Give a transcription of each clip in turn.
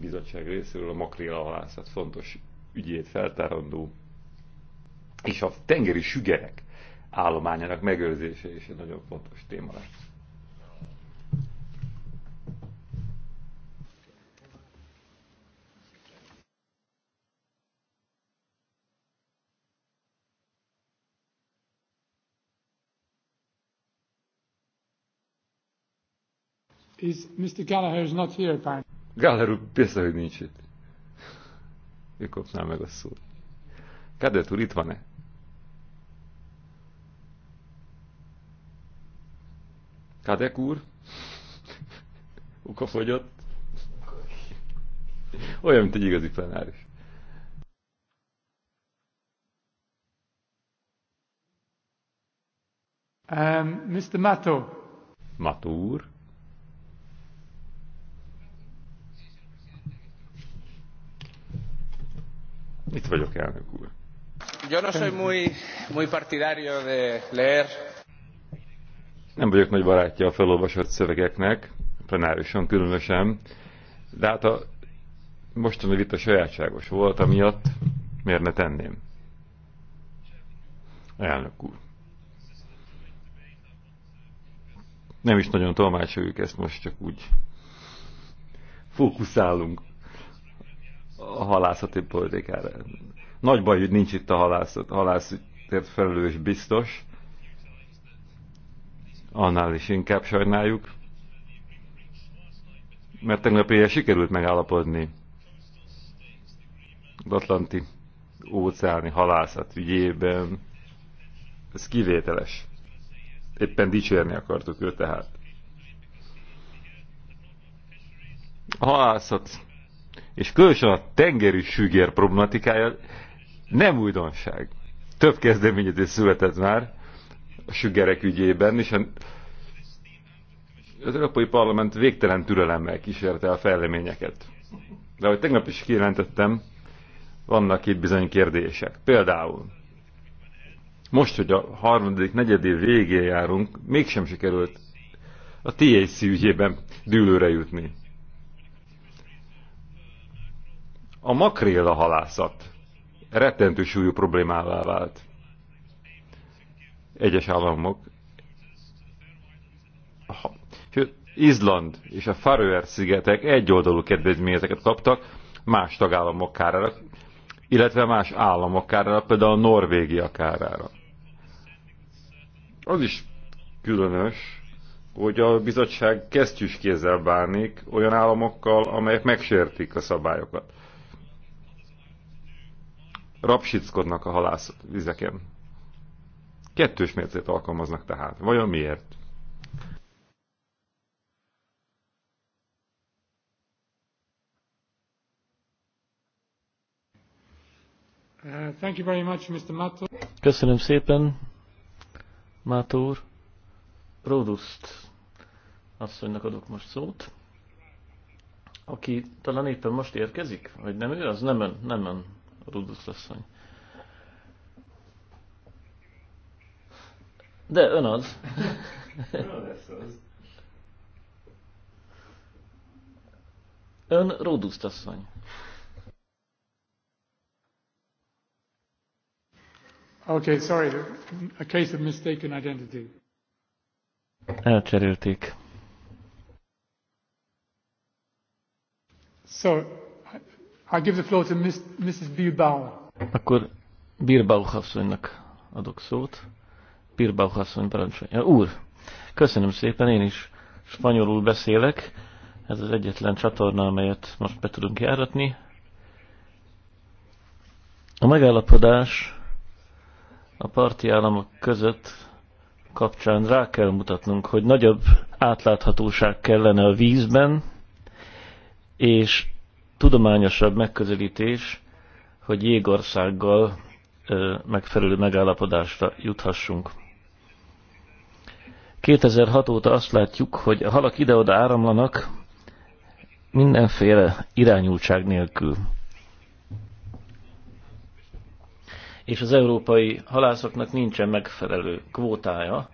bizottság részéről a makrélahalászat fontos ügyét feltárandó, és a tengeri sügerek állományának megőrzése is egy nagyon fontos téma lesz. Is Mr. Gallagher is not here apparently. Gáller úr, persze, hogy nincs itt. Ő kapná meg a szót. Kedvet úr, itt van-e? Kadek úr? Uka fogyott. Olyan, mint egy igazi plenáris. Um, Mr. Mato. Mato úr. Itt vagyok, elnök úr. Yo no soy muy, muy partidario de leer. Nem vagyok nagy barátja a felolvasott szövegeknek, plenárisan különösen, de hát a mostani vita sajátságos volt, amiatt miért ne tenném? Elnök úr. Nem is nagyon tolmácsoljuk ezt most, csak úgy fókuszálunk a halászati politikára. Nagy baj, hogy nincs itt a halászat, halászért felelős biztos. Annál is inkább sajnáljuk. Mert tegnap éjjel sikerült megállapodni az Atlanti óceáni halászat ügyében. Ez kivételes. Éppen dicsérni akartuk őt tehát. A halászat és különösen a tengeri sügér problematikája nem újdonság. Több kezdeményezés született már a sügerek ügyében, és a, az Európai Parlament végtelen türelemmel kísérte a fejleményeket. De ahogy tegnap is kijelentettem, vannak itt bizony kérdések. Például, most, hogy a harmadik, negyedév végén járunk, mégsem sikerült a TAC ügyében dűlőre jutni. A makréla halászat rettentő súlyú problémává vált. Egyes államok, sőt, Izland és a Faröer szigetek egyoldalú kedvezményeket kaptak más tagállamok kárára, illetve más államok kárára, például a Norvégia kárára. Az is különös, hogy a bizottság kesztyűs kézzel bánik olyan államokkal, amelyek megsértik a szabályokat rapsickodnak a halász vizeken. Kettős mércét alkalmaznak tehát. Vajon miért? Uh, thank you very much, Mr. Mato. Köszönöm szépen, Mátó úr. Róduszt asszonynak adok most szót. Aki talán éppen most érkezik, vagy nem ő, az nem ön, nem ön. Rudus asszony. De ön az. ön lesz az. Ön Róduszt asszony. Okay, sorry. A case of mistaken identity. Elcserélték. So, I give the floor to Mrs. Bilbao. Akkor Bilbao asszonynak adok szót. Bilbao asszony parancsolja. Úr, köszönöm szépen, én is spanyolul beszélek. Ez az egyetlen csatorna, amelyet most be tudunk járatni. A megállapodás a parti államok között kapcsán rá kell mutatnunk, hogy nagyobb átláthatóság kellene a vízben, és tudományosabb megközelítés, hogy jégországgal megfelelő megállapodásra juthassunk. 2006 óta azt látjuk, hogy a halak ide-oda áramlanak mindenféle irányultság nélkül. És az európai halászoknak nincsen megfelelő kvótája,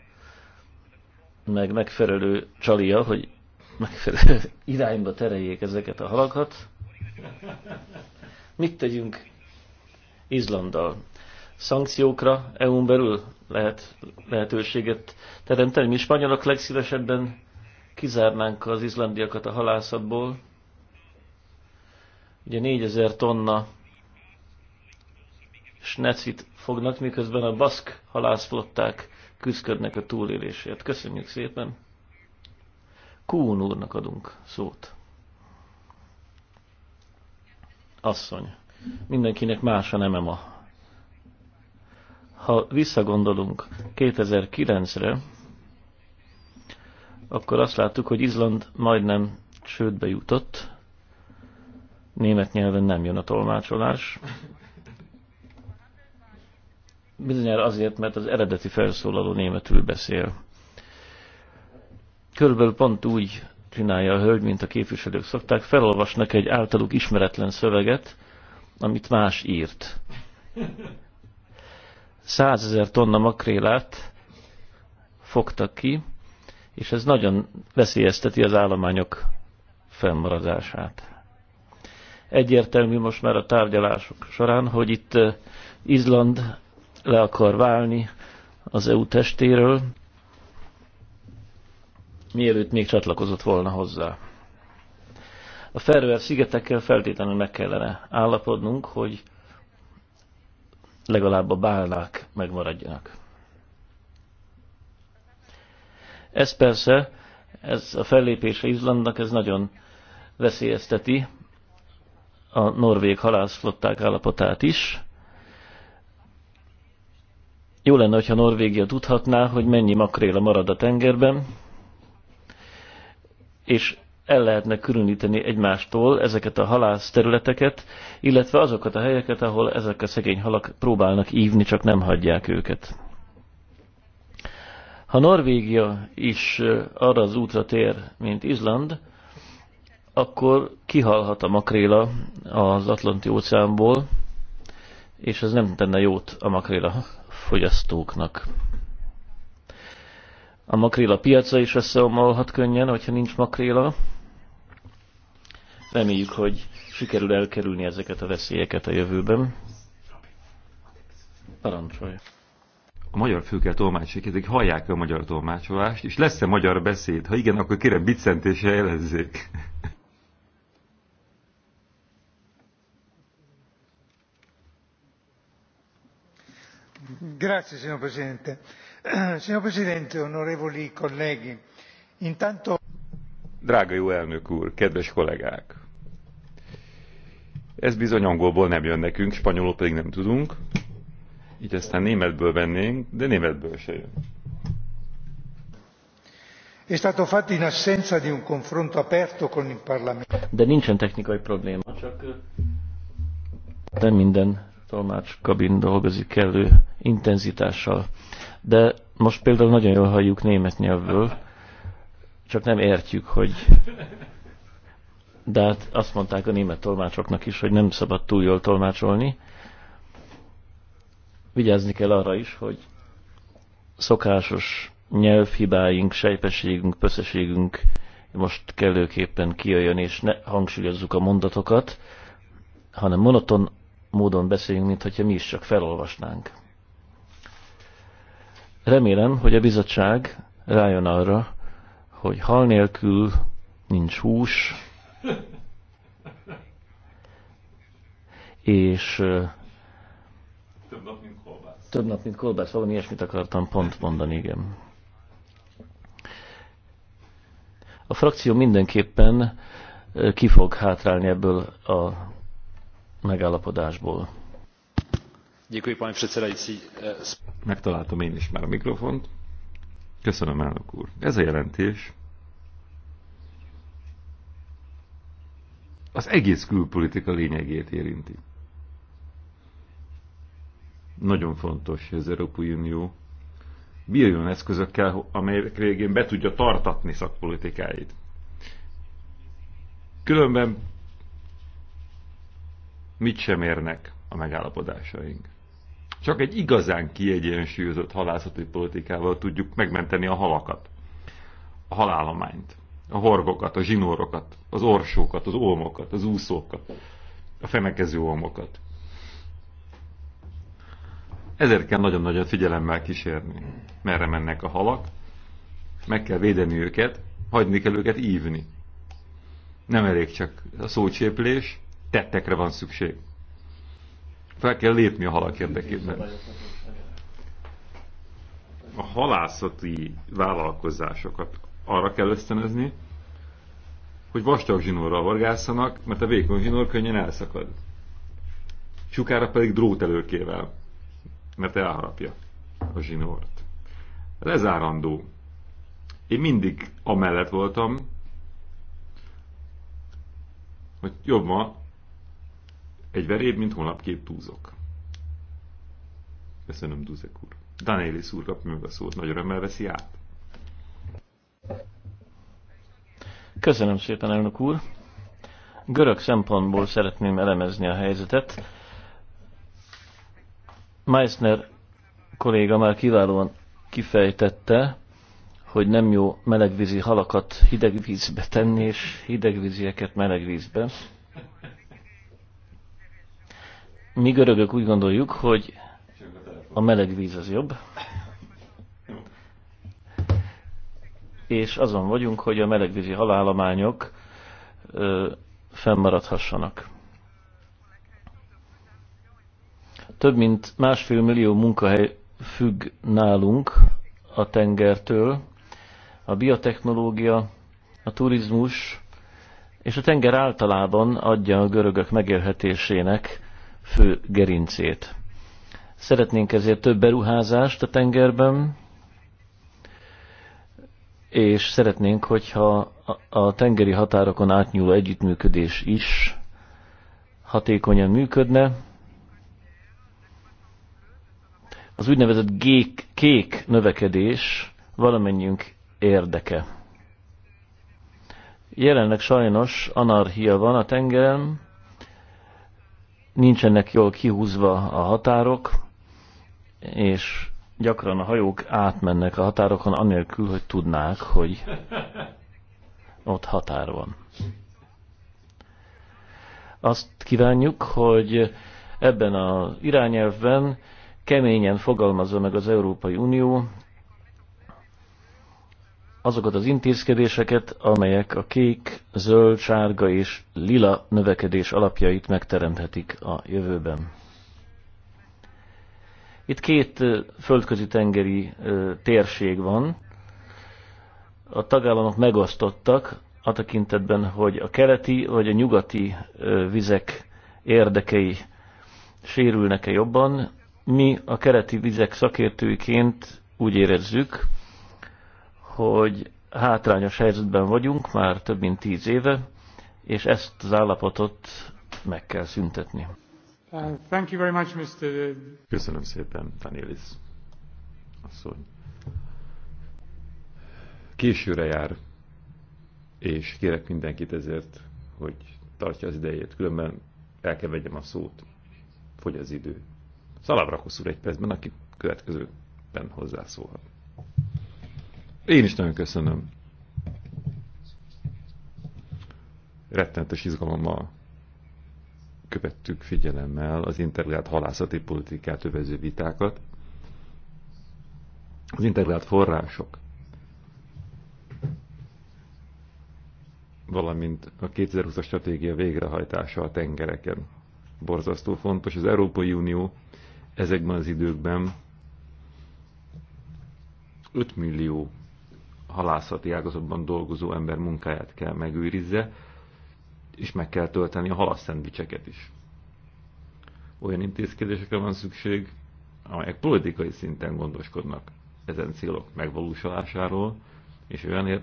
meg megfelelő csalia, hogy megfelelő irányba tereljék ezeket a halakat. Mit tegyünk Izlanddal? Szankciókra EU-n belül lehet lehetőséget teremteni. Mi spanyolok legszívesebben kizárnánk az izlandiakat a halászatból. Ugye 4000 tonna snecit fognak, miközben a baszk halászflották küzdködnek a túlélésért. Köszönjük szépen! Kún úrnak adunk szót asszony. Mindenkinek más a neme ma. Ha visszagondolunk 2009-re, akkor azt láttuk, hogy Izland majdnem csődbe jutott. Német nyelven nem jön a tolmácsolás. Bizonyára azért, mert az eredeti felszólaló németül beszél. Körülbelül pont úgy csinálja a hölgy, mint a képviselők szokták, felolvasnak egy általuk ismeretlen szöveget, amit más írt. Százezer tonna makrélát fogtak ki, és ez nagyon veszélyezteti az állományok fennmaradását. Egyértelmű most már a tárgyalások során, hogy itt eh, Izland le akar válni az EU testéről, mielőtt még csatlakozott volna hozzá. A Ferrer szigetekkel feltétlenül meg kellene állapodnunk, hogy legalább a bálnák megmaradjanak. Ez persze, ez a fellépése Izlandnak, ez nagyon veszélyezteti a norvég halászflották állapotát is. Jó lenne, hogyha Norvégia tudhatná, hogy mennyi makréla marad a tengerben, és el lehetne különíteni egymástól ezeket a halász területeket, illetve azokat a helyeket, ahol ezek a szegény halak próbálnak ívni, csak nem hagyják őket. Ha Norvégia is arra az útra tér, mint Izland, akkor kihalhat a makréla az Atlanti óceánból, és ez nem tenne jót a makréla fogyasztóknak. A makréla piaca is összeomolhat könnyen, hogyha nincs makréla. Reméljük, hogy sikerül elkerülni ezeket a veszélyeket a jövőben. Parancsolj! A magyar főkel tolmácsék, hallják a magyar tolmácsolást, és lesz-e magyar beszéd? Ha igen, akkor kérem bicentése jelezzék. Grazie, signor Presidente. signor presidente onorevoli colleghi intanto. drága jó elnök úr kedves kollégák! ez bizony angolból nem jön nekünk spanyolul pedig nem tudunk gy aztán németből vennénk de németből se jön. De nincsen technikai probléma, csak nem minden tolmács kabin dolgozik elő intenzitással. De most például nagyon jól halljuk német nyelvből, csak nem értjük, hogy... De hát azt mondták a német tolmácsoknak is, hogy nem szabad túl jól tolmácsolni. Vigyázni kell arra is, hogy szokásos nyelvhibáink, sejpességünk, pösszeségünk most kellőképpen kijöjjön, és ne hangsúlyozzuk a mondatokat, hanem monoton módon beszéljünk, mint hogyha mi is csak felolvasnánk. Remélem, hogy a bizottság rájön arra, hogy hal nélkül nincs hús, és több nap, mint kolbász. Több nap, mint kolbász. Valami ilyesmit akartam pont mondani, igen. A frakció mindenképpen ki fog hátrálni ebből a megállapodásból. Megtaláltam én is már a mikrofont. Köszönöm, elnök úr. Ez a jelentés az egész külpolitika lényegét érinti. Nagyon fontos, hogy az Európai Unió bírjon eszközökkel, amelyek végén be tudja tartatni szakpolitikáit. Különben mit sem érnek a megállapodásaink. Csak egy igazán kiegyensúlyozott halászati politikával tudjuk megmenteni a halakat, a halállományt, a horgokat, a zsinórokat, az orsókat, az olmokat, az úszókat, a fenekező olmokat. Ezért kell nagyon-nagyon figyelemmel kísérni, merre mennek a halak, meg kell védeni őket, hagyni kell őket ívni. Nem elég csak a szócséplés, tettekre van szükség. Fel kell lépni a halak érdekében. A halászati vállalkozásokat arra kell ösztönözni, hogy vastag zsinórral horgászanak, mert a vékony zsinór könnyen elszakad. Sukára pedig előkével, mert elharapja a zsinórt. Lezárandó. Én mindig amellett voltam, hogy jobb ma egy veréb, mint holnap két túzok. Köszönöm, Duzek úr. Danélis úr kap meg a szót, nagy örömmel veszi át. Köszönöm szépen, elnök úr. Görög szempontból szeretném elemezni a helyzetet. Meissner kolléga már kiválóan kifejtette, hogy nem jó melegvízi halakat hideg vízbe tenni, és hidegvízieket meleg vízbe. Mi görögök úgy gondoljuk, hogy a meleg víz az jobb. És azon vagyunk, hogy a melegvízi halállományok ö, fennmaradhassanak. Több mint másfél millió munkahely függ nálunk a tengertől. A biotechnológia, a turizmus és a tenger általában adja a görögök megélhetésének fő gerincét. Szeretnénk ezért több beruházást a tengerben, és szeretnénk, hogyha a tengeri határokon átnyúló együttműködés is hatékonyan működne. Az úgynevezett gék, kék növekedés valamennyiünk érdeke. Jelenleg sajnos anarchia van a tengeren, nincsenek jól kihúzva a határok, és gyakran a hajók átmennek a határokon, anélkül, hogy tudnák, hogy ott határ van. Azt kívánjuk, hogy ebben az irányelvben keményen fogalmazza meg az Európai Unió azokat az intézkedéseket, amelyek a kék, zöld, sárga és lila növekedés alapjait megteremthetik a jövőben. Itt két földközi tengeri térség van. A tagállamok megosztottak a tekintetben, hogy a keleti vagy a nyugati vizek érdekei sérülnek-e jobban. Mi a keleti vizek szakértőiként úgy érezzük, hogy hátrányos helyzetben vagyunk már több mint tíz éve, és ezt az állapotot meg kell szüntetni. Uh, thank you very much, Mr. Uh, Köszönöm szépen, Danielis asszony. Későre jár, és kérek mindenkit ezért, hogy tartja az idejét, különben el kell vegyem a szót. Fogy az idő. Szalabrakosz úr egy percben, aki következőben hozzászólhat. Én is nagyon köszönöm. Rettenetes izgalommal követtük figyelemmel az integrált halászati politikát övező vitákat. Az integrált források, valamint a 2020-as stratégia végrehajtása a tengereken. Borzasztó fontos. Az Európai Unió ezekben az időkben 5 millió halászati ágazatban dolgozó ember munkáját kell megőrizze, és meg kell tölteni a halasszendvicseket is. Olyan intézkedésekre van szükség, amelyek politikai szinten gondoskodnak ezen célok megvalósulásáról, és olyan,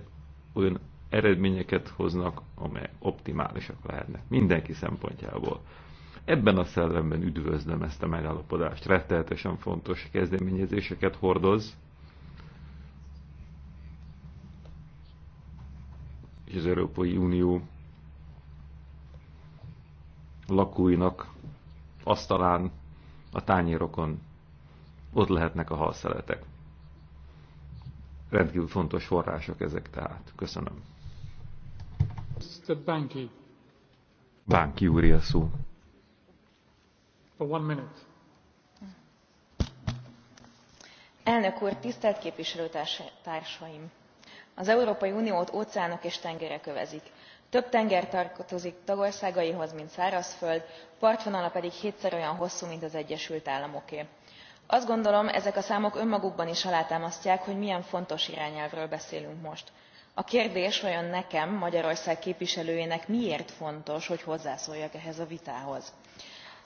olyan eredményeket hoznak, amelyek optimálisak lehetnek mindenki szempontjából. Ebben a szellemben üdvözlöm ezt a megállapodást. Rettehetesen fontos kezdeményezéseket hordoz, hogy az Európai Unió lakóinak asztalán, a tányérokon ott lehetnek a halszeletek. Rendkívül fontos források ezek tehát. Köszönöm. Banki. Banki úr a szó. For one minute. Elnök úr, tisztelt képviselőtársaim! az európai uniót óceánok és tengerek övezik több tenger tartozik tagországaihoz mint szárazföld partvonala pedig hétszer olyan hosszú mint az egyesült államoké. azt gondolom ezek a számok önmagukban is alátámasztják hogy milyen fontos irányelvről beszélünk most. a kérdés vajon nekem magyarország képviselőjének miért fontos hogy hozzászóljak ehhez a vitához?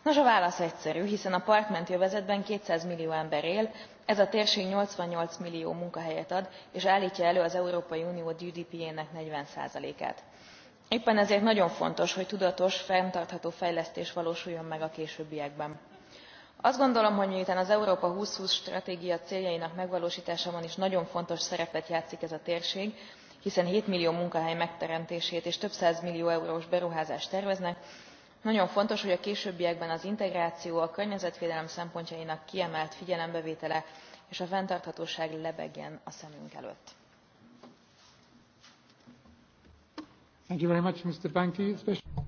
nos a válasz egyszerű hiszen a partmenti övezetben two hundred millió ember él ez a térség eighty eight millió munkahelyet ad és álltja elő az európai unió gdp jének forty át. éppen ezért nagyon fontos hogy tudatos fenntartható fejlesztés valósuljon meg a későbbiekben. azt gondolom hogy miután az európa two thousand and twenty stratégia céljainak megvalóstásában is nagyon fontos szerepet játszik ez a térség hiszen seven millió munkahely megteremtését és több százmillió eurós beruházást terveznek nagyon fontos hogy a későbbiekben az integráció a környezetvédelem szempontjainak kiemelt figyelembevétele és a fenntarthatóság lebegjen a szemünk előtt.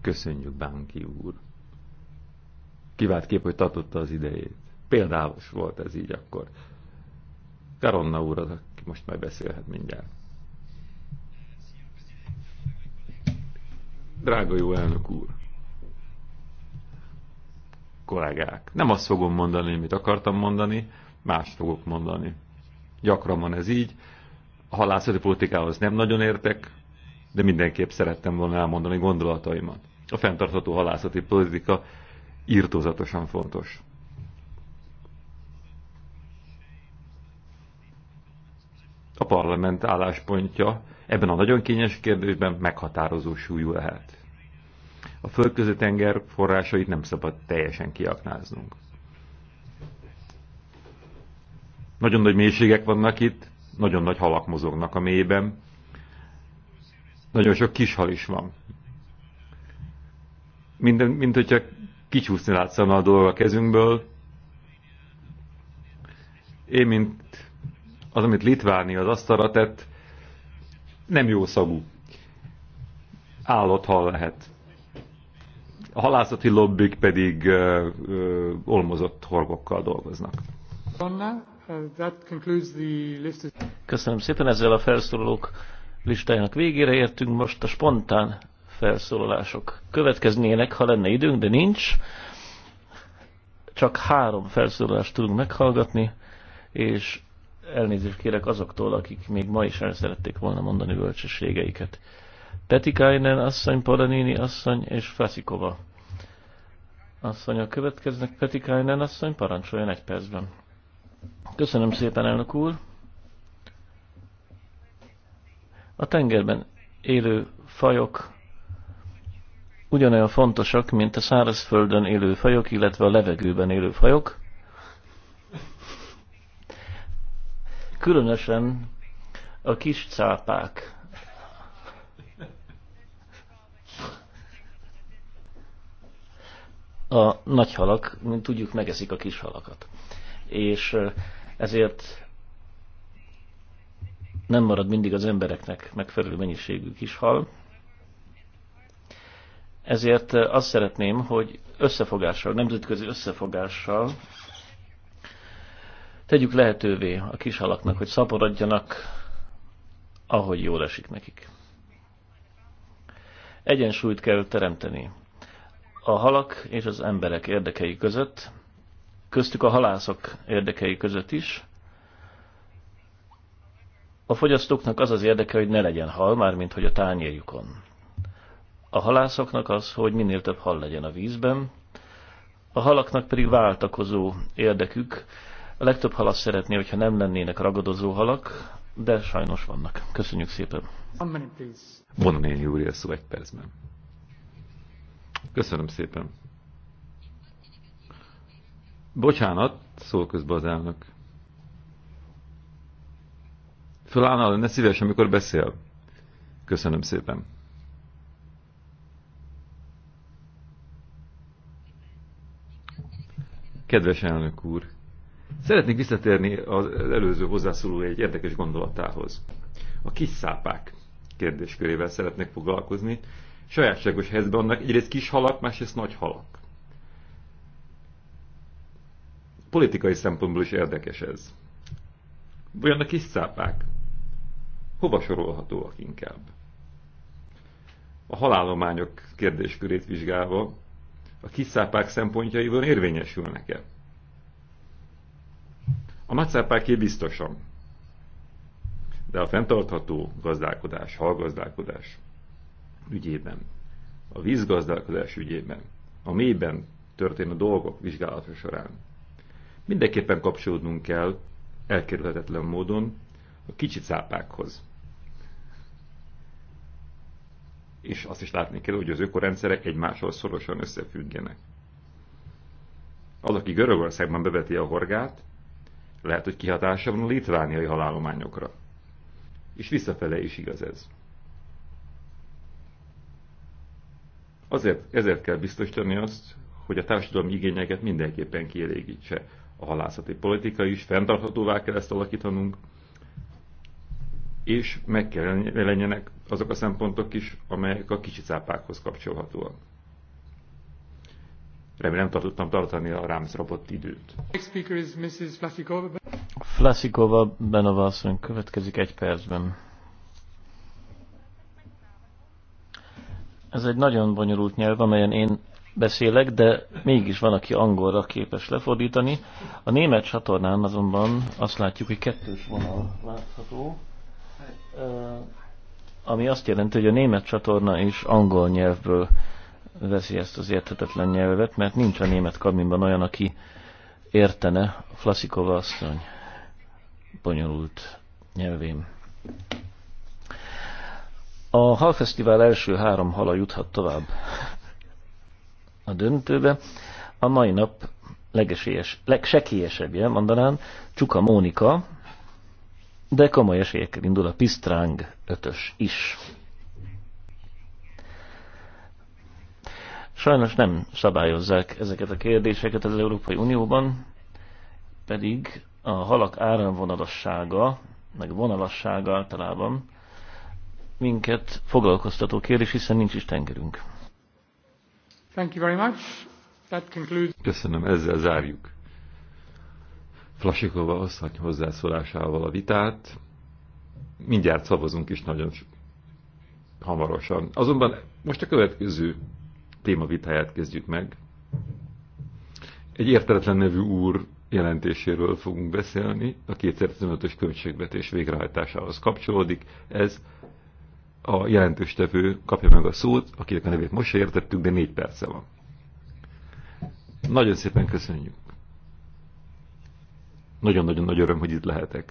Köszönjük, Bánki úr! Kivált kép, hogy tartotta az idejét. Példálos volt ez így akkor. Karonna úr az, aki most már beszélhet mindjárt. Drága jó elnök úr! kollégák. Nem azt fogom mondani, amit akartam mondani, más fogok mondani. Gyakran van ez így. A halászati politikához nem nagyon értek, de mindenképp szerettem volna elmondani gondolataimat. A fenntartható halászati politika írtózatosan fontos. A parlament álláspontja ebben a nagyon kényes kérdésben meghatározó súlyú lehet a földközi tenger forrásait nem szabad teljesen kiaknáznunk. Nagyon nagy mélységek vannak itt, nagyon nagy halak mozognak a mélyben, nagyon sok kis hal is van. Minden, mint hogyha kicsúszni látszana a dolog a kezünkből. Én, mint az, amit Litváni az asztalra tett, nem jó szagú. hal lehet a halászati lobbik pedig uh, uh, olmozott horgokkal dolgoznak. Uh, Köszönöm szépen, ezzel a felszólalók listájának végére értünk. Most a spontán felszólalások következnének, ha lenne időnk, de nincs. Csak három felszólalást tudunk meghallgatni, és elnézést kérek azoktól, akik még ma is el szerették volna mondani bölcsességeiket. Petikainen asszony, Paranini asszony és Faszikova asszony, a következnek Peti Kajnán asszony, parancsoljon egy percben. Köszönöm szépen, elnök úr. A tengerben élő fajok ugyanolyan fontosak, mint a szárazföldön élő fajok, illetve a levegőben élő fajok. Különösen a kis cápák a nagy halak, mint tudjuk, megeszik a kis halakat. És ezért nem marad mindig az embereknek megfelelő mennyiségű kis hal. Ezért azt szeretném, hogy összefogással, nemzetközi összefogással tegyük lehetővé a kis halaknak, hogy szaporodjanak, ahogy jól esik nekik. Egyensúlyt kell teremteni a halak és az emberek érdekei között, köztük a halászok érdekei között is. A fogyasztóknak az az érdeke, hogy ne legyen hal, mármint hogy a tányérjukon. A halászoknak az, hogy minél több hal legyen a vízben, a halaknak pedig váltakozó érdekük. A legtöbb halat szeretné, hogyha nem lennének ragadozó halak, de sajnos vannak. Köszönjük szépen. Vonani Júri a szó egy percben. Köszönöm szépen. Bocsánat, szól közben az elnök. Fölállna lenne szíves, amikor beszél. Köszönöm szépen. Kedves elnök úr, szeretnék visszatérni az előző hozzászóló egy érdekes gondolatához. A kis szápák kérdéskörével szeretnék foglalkozni, sajátságos helyzetben vannak egyrészt kis halak, másrészt nagy halak. Politikai szempontból is érdekes ez. Vajon a kis szápák? hova sorolhatóak inkább? A halálományok kérdéskörét vizsgálva a kiszápák szempontjaival érvényesülnek-e? A szápáké biztosan, de a fenntartható gazdálkodás, halgazdálkodás ügyében, a vízgazdálkodás ügyében, a mélyben történő dolgok vizsgálata során. Mindenképpen kapcsolódnunk kell elkerülhetetlen módon a kicsi cápákhoz. És azt is látni kell, hogy az ökorendszerek egymáshoz szorosan összefüggenek. Az, aki Görögországban beveti a horgát, lehet, hogy kihatása van a litvániai halálományokra. És visszafele is igaz ez. Azért, ezért kell biztosítani azt, hogy a társadalmi igényeket mindenképpen kielégítse. A halászati politika is fenntarthatóvá kell ezt alakítanunk, és meg kell legyenek azok a szempontok is, amelyek a kicsi cápákhoz kapcsolhatóak. Remélem tartottam tartani a rám szabott időt. Flasikova Benova asszony következik egy percben. Ez egy nagyon bonyolult nyelv, amelyen én beszélek, de mégis van, aki angolra képes lefordítani. A német csatornán azonban azt látjuk, hogy kettős vonal látható, ami azt jelenti, hogy a német csatorna is angol nyelvből veszi ezt az érthetetlen nyelvet, mert nincs a német kabinban olyan, aki értene Flaszikova asszony bonyolult nyelvén. A halfesztivál első három hala juthat tovább a döntőbe. A mai nap legesélyes, legsekélyesebbje, mondanám, Csuka Mónika, de komoly esélyekkel indul a Pisztráng ötös is. Sajnos nem szabályozzák ezeket a kérdéseket az Európai Unióban, pedig a halak áramvonalassága, meg vonalassága általában minket foglalkoztató kérdés, hiszen nincs is tengerünk. Thank you very much. That concludes... Köszönöm, ezzel zárjuk. Flasikova asszony hozzászólásával a vitát. Mindjárt szavazunk is nagyon hamarosan. Azonban most a következő témavitáját kezdjük meg. Egy értetlen nevű úr jelentéséről fogunk beszélni, a 2015-ös költségvetés végrehajtásához kapcsolódik. Ez a jelentős tevő kapja meg a szót, akinek a nevét most se értettük, de négy perce van. Nagyon szépen köszönjük. Nagyon-nagyon nagy öröm, hogy itt lehetek.